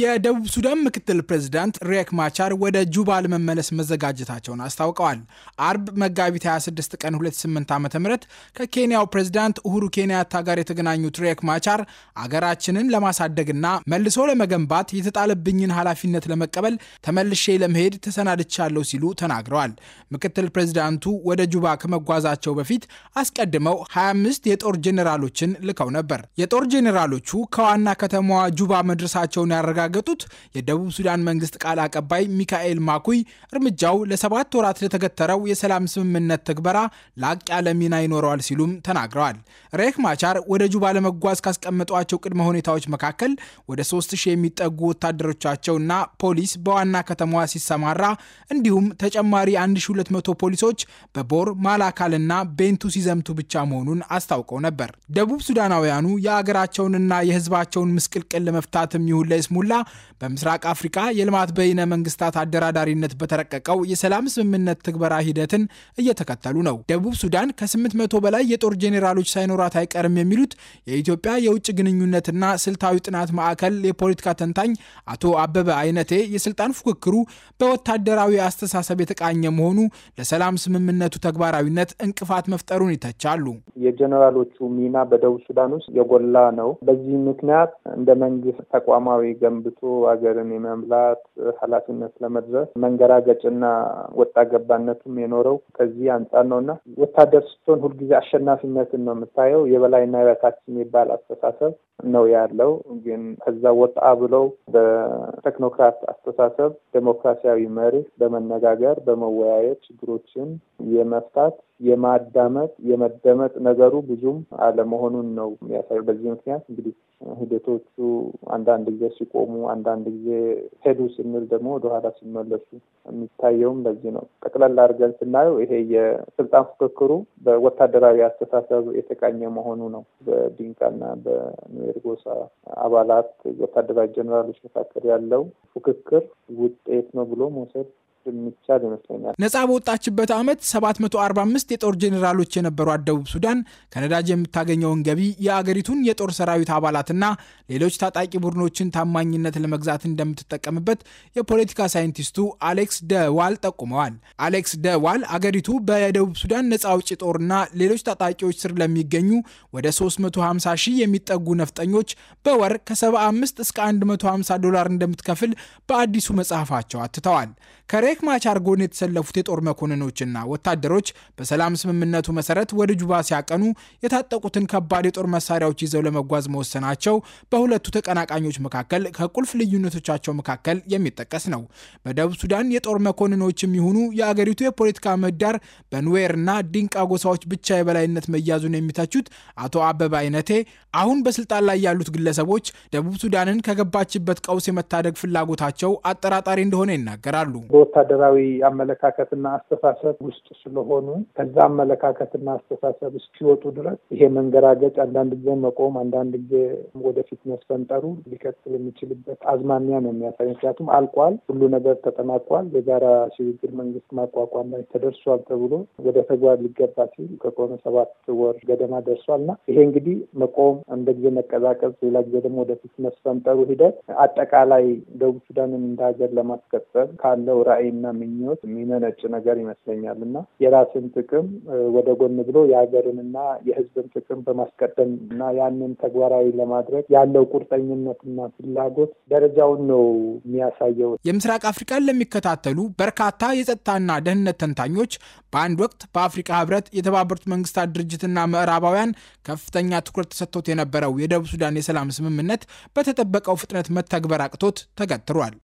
የደቡብ ሱዳን ምክትል ፕሬዚዳንት ሪክ ማቻር ወደ ጁባ ለመመለስ መዘጋጀታቸውን አስታውቀዋል። አርብ መጋቢት 26 ቀን 28 ዓ ም ከኬንያው ፕሬዚዳንት ኡሁሩ ኬንያታ ጋር የተገናኙት ሪክ ማቻር አገራችንን ለማሳደግና መልሶ ለመገንባት የተጣለብኝን ኃላፊነት ለመቀበል ተመልሼ ለመሄድ ተሰናድቻለሁ ሲሉ ተናግረዋል። ምክትል ፕሬዚዳንቱ ወደ ጁባ ከመጓዛቸው በፊት አስቀድመው 25 የጦር ጄኔራሎችን ልከው ነበር። የጦር ጄኔራሎቹ ከዋና ከተማዋ ጁባ መድረሳቸውን ያረጋ እንዳረጋገጡት የደቡብ ሱዳን መንግስት ቃል አቀባይ ሚካኤል ማኩይ እርምጃው ለሰባት ወራት ለተገተረው የሰላም ስምምነት ትግበራ ላቅ ያለ ሚና ይኖረዋል ሲሉም ተናግረዋል። ሬክ ማቻር ወደ ጁባ ለመጓዝ ካስቀመጧቸው ቅድመ ሁኔታዎች መካከል ወደ 3000 የሚጠጉ ወታደሮቻቸውና ፖሊስ በዋና ከተማዋ ሲሰማራ እንዲሁም ተጨማሪ 1200 ፖሊሶች በቦር ማላካልና ቤንቱ ሲዘምቱ ብቻ መሆኑን አስታውቀው ነበር። ደቡብ ሱዳናውያኑ የአገራቸውንና የህዝባቸውን ምስቅልቅል ለመፍታትም ይሁን ለይስሙላ là በምስራቅ አፍሪካ የልማት በይነ መንግስታት አደራዳሪነት በተረቀቀው የሰላም ስምምነት ትግበራ ሂደትን እየተከተሉ ነው። ደቡብ ሱዳን ከ800 በላይ የጦር ጄኔራሎች ሳይኖራት አይቀርም የሚሉት የኢትዮጵያ የውጭ ግንኙነትና ስልታዊ ጥናት ማዕከል የፖለቲካ ተንታኝ አቶ አበበ አይነቴ የስልጣን ፉክክሩ በወታደራዊ አስተሳሰብ የተቃኘ መሆኑ ለሰላም ስምምነቱ ተግባራዊነት እንቅፋት መፍጠሩን ይተቻሉ። የጄኔራሎቹ ሚና በደቡብ ሱዳን ውስጥ የጎላ ነው። በዚህ ምክንያት እንደ መንግስት ተቋማዊ ገንብቶ ሀገርን የመምላት ኃላፊነት ለመድረስ መንገራገጭና ወጣ ገባነትም የኖረው ከዚህ አንጻር ነው እና ወታደር ስትሆን ሁልጊዜ አሸናፊነትን ነው የምታየው። የበላይና የበታች የሚባል አስተሳሰብ ነው ያለው። ግን ከዛ ወጣ ብለው በቴክኖክራት አስተሳሰብ ዴሞክራሲያዊ መሪ በመነጋገር በመወያየት ችግሮችን የመፍታት የማዳመጥ የመደመጥ ነገሩ ብዙም አለመሆኑን ነው የሚያሳየው። በዚህ ምክንያት እንግዲህ ሂደቶቹ አንዳንድ ጊዜ ሲቆሙ፣ አንዳንድ ጊዜ ሄዱ ስንል ደግሞ ወደኋላ ሲመለሱ የሚታየውም ለዚህ ነው። ጠቅላላ አድርገን ስናየው ይሄ የስልጣን ፉክክሩ በወታደራዊ አስተሳሰብ የተቃኘ መሆኑ ነው። በዲንቃና በኑዌር ጎሳ አባላት ወታደራዊ ጀኔራሎች መካከል ያለው ፉክክር ውጤት ነው ብሎ መውሰድ የሚቻል ይመስለኛል። ነጻ በወጣችበት ዓመት 745 የጦር ጄኔራሎች የነበሯት ደቡብ ሱዳን ከነዳጅ የምታገኘውን ገቢ የአገሪቱን የጦር ሰራዊት አባላትና ሌሎች ታጣቂ ቡድኖችን ታማኝነት ለመግዛት እንደምትጠቀምበት የፖለቲካ ሳይንቲስቱ አሌክስ ደዋል ጠቁመዋል። አሌክስ ደዋል አገሪቱ በደቡብ ሱዳን ነጻ አውጪ ጦርና ሌሎች ታጣቂዎች ስር ለሚገኙ ወደ 350 ሺህ የሚጠጉ ነፍጠኞች በወር ከ75 እስከ 150 ዶላር እንደምትከፍል በአዲሱ መጽሐፋቸው አትተዋል። ከሬክ ማቻር ጎን የተሰለፉት የጦር መኮንኖችና ወታደሮች በሰላም ስምምነቱ መሰረት ወደ ጁባ ሲያቀኑ የታጠቁትን ከባድ የጦር መሳሪያዎች ይዘው ለመጓዝ መወሰናቸው በሁለቱ ተቀናቃኞች መካከል ከቁልፍ ልዩነቶቻቸው መካከል የሚጠቀስ ነው። በደቡብ ሱዳን የጦር መኮንኖች የሚሆኑ የአገሪቱ የፖለቲካ ምህዳር በኑዌርና ዲንቃ ጎሳዎች ብቻ የበላይነት መያዙን የሚተቹት አቶ አበበ አይነቴ አሁን በስልጣን ላይ ያሉት ግለሰቦች ደቡብ ሱዳንን ከገባችበት ቀውስ የመታደግ ፍላጎታቸው አጠራጣሪ እንደሆነ ይናገራሉ። በወታደራዊ አመለካከትና አስተሳሰብ ውስጥ ስለሆኑ ከዛ አመለካከትና አስተሳሰብ እስኪወጡ ድረስ ይሄ መንገራገጭ አንዳንድ ጊዜ መቆም፣ አንዳንድ ጊዜ ወደፊት መስፈንጠሩ ሊቀጥል የሚችልበት አዝማሚያ ነው የሚያሳይ። ምክንያቱም አልቋል፣ ሁሉ ነገር ተጠናቋል፣ የጋራ ሽግግር መንግስት ማቋቋም ላይ ተደርሷል ተብሎ ወደ ተግባር ሊገባ ሲል ከቆመ ሰባት ወር ገደማ ደርሷል እና ይሄ እንግዲህ መቆም እንደ ጊዜ መቀዛቀዝ፣ ሌላ ጊዜ ደግሞ ወደፊት መስፈንጠሩ ሂደት አጠቃላይ ደቡብ ሱዳንን እንደ ሀገር ለማስቀጠል ካለው ራዕይና ምኞት የሚመነጭ ነገር ይመስለኛል እና የራስን ጥቅም ወደ ጎን ብሎ የሀገርንና የህዝብን ጥቅም በማስቀደም እና ያንን ተግባራዊ ለማድረግ ያን ያለው ቁርጠኝነትና ፍላጎት ደረጃውን ነው የሚያሳየው። የምስራቅ አፍሪካን ለሚከታተሉ በርካታ የጸጥታና ደህንነት ተንታኞች በአንድ ወቅት በአፍሪካ ህብረት፣ የተባበሩት መንግስታት ድርጅትና ምዕራባውያን ከፍተኛ ትኩረት ተሰጥቶት የነበረው የደቡብ ሱዳን የሰላም ስምምነት በተጠበቀው ፍጥነት መተግበር አቅቶት ተገትሯል።